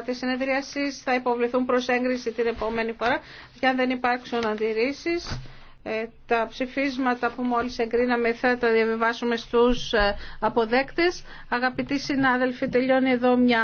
της συνεδρίασης θα υποβληθούν προ έγκριση την επόμενη φορά και αν δεν υπάρξουν αντιρρήσει. Ε, τα ψηφίσματα που μόλις εγκρίναμε θα τα διαβιβάσουμε στους ε, αποδέκτες. Αγαπητοί συνάδελφοι, τελειώνει εδώ μια